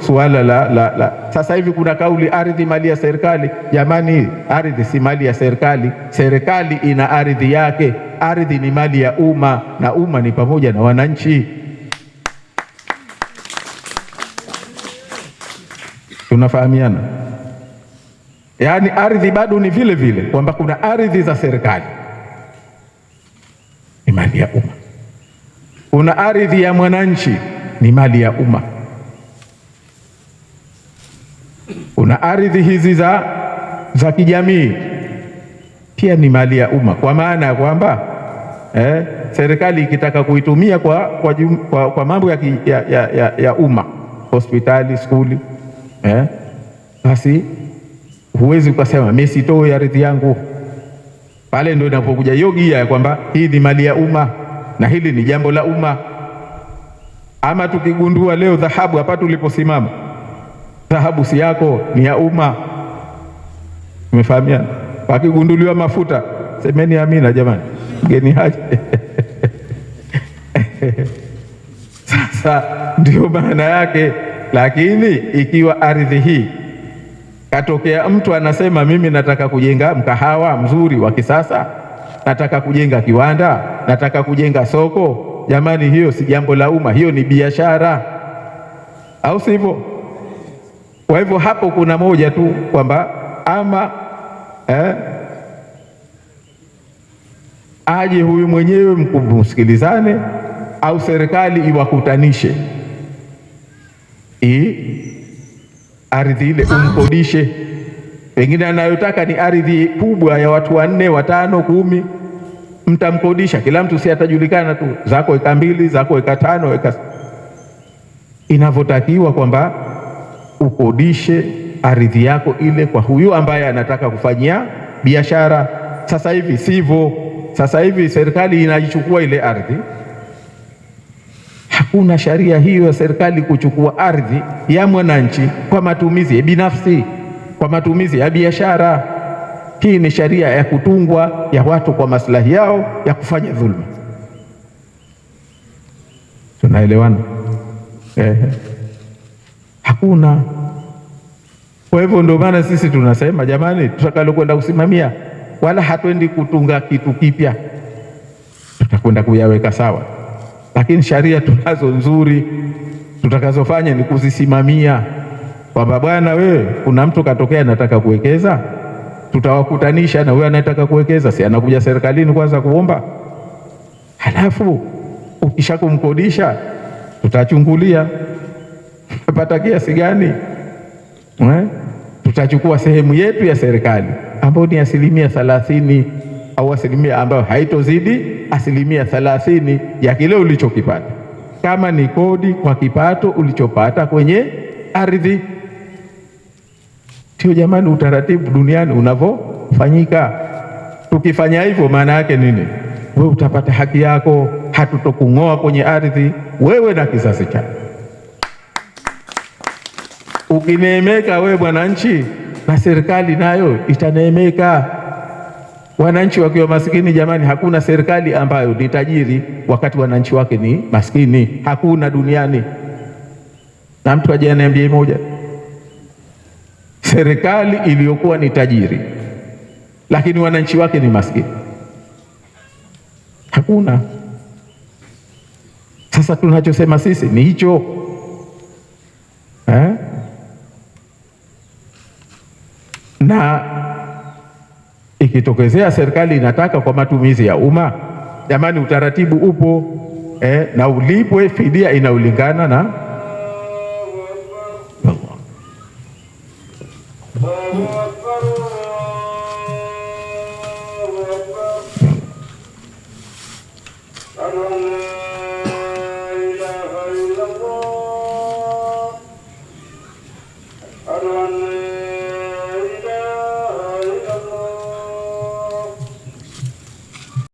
suala la, la, la. Sasa hivi kuna kauli ardhi mali ya serikali. Jamani, ardhi si mali ya serikali, serikali ina ardhi yake. Ardhi ni mali ya umma na umma ni pamoja na wananchi. Tunafahamiana? Yaani ardhi bado ni vile vile kwamba kuna ardhi za serikali ni mali ya umma, kuna ardhi ya mwananchi ni mali ya umma. ardhi hizi za, za kijamii pia ni mali ya umma, kwa maana ya kwamba eh, serikali ikitaka kuitumia kwa, kwa, kwa, kwa mambo ya, ya, ya, ya umma, hospitali, skuli eh, basi huwezi ukasema mimi sitoi ardhi yangu. Pale ndio inapokuja hiyo gia ya kwamba hii ni mali ya umma na hili ni jambo la umma. Ama tukigundua leo dhahabu hapa tuliposimama Dhahabu si yako, ni ya umma. Umefahamiana? wakigunduliwa mafuta, semeni amina jamani, mgeni haje. Sasa ndio maana yake. Lakini ikiwa ardhi hii katokea mtu anasema, mimi nataka kujenga mkahawa mzuri wa kisasa, nataka kujenga kiwanda, nataka kujenga soko, jamani, hiyo si jambo la umma, hiyo ni biashara, au sivyo? Kwa hivyo hapo kuna moja tu kwamba ama eh, aje huyu mwenyewe mkumsikilizane, au serikali iwakutanishe i ardhi ile umkodishe, pengine anayotaka ni ardhi kubwa ya watu wanne watano kumi, mtamkodisha kila mtu, si atajulikana tu, zako eka mbili, zako eka tano, eka inavyotakiwa kwamba ukodishe ardhi yako ile kwa huyu ambaye anataka kufanyia biashara. Sasa hivi sivyo. Sasa hivi serikali inaichukua ile ardhi. Hakuna sharia hiyo ya serikali kuchukua ardhi ya mwananchi kwa matumizi ya binafsi, kwa matumizi ya biashara. Hii ni sharia ya kutungwa ya watu kwa maslahi yao ya kufanya dhulma. Tunaelewana? hakuna. Kwa hivyo ndio maana sisi tunasema jamani, tutakalokwenda kusimamia wala hatwendi kutunga kitu kipya, tutakwenda kuyaweka sawa, lakini sharia tunazo nzuri, tutakazofanya ni kuzisimamia, kwamba bwana, wewe kuna mtu katokea anataka kuwekeza, tutawakutanisha na wewe anataka kuwekeza, si anakuja serikalini kwanza kuomba, halafu ukisha kumkodisha tutachungulia tumepata kiasi gani? Eh, tutachukua sehemu yetu ya serikali ambayo ni asilimia thalathini au asilimia ambayo haitozidi asilimia thalathini ya kile ulichokipata, kama ni kodi kwa kipato ulichopata kwenye ardhi. Sio jamani, utaratibu duniani unavyofanyika. Tukifanya hivyo, maana yake nini? Wewe utapata haki yako, hatutokung'oa kwenye ardhi, wewe na kizazi chako. Ukineemeka wewe mwananchi, na serikali nayo itaneemeka. Wananchi wakiwa maskini, jamani, hakuna serikali ambayo ni tajiri wakati wananchi wake ni maskini, hakuna duniani. Na mtu aje aniambie moja serikali iliyokuwa ni tajiri lakini wananchi wake ni maskini, hakuna. Sasa tunachosema sisi ni hicho. na ikitokezea serikali inataka kwa matumizi ya umma, jamani, utaratibu upo eh, na ulipwe fidia inaulingana na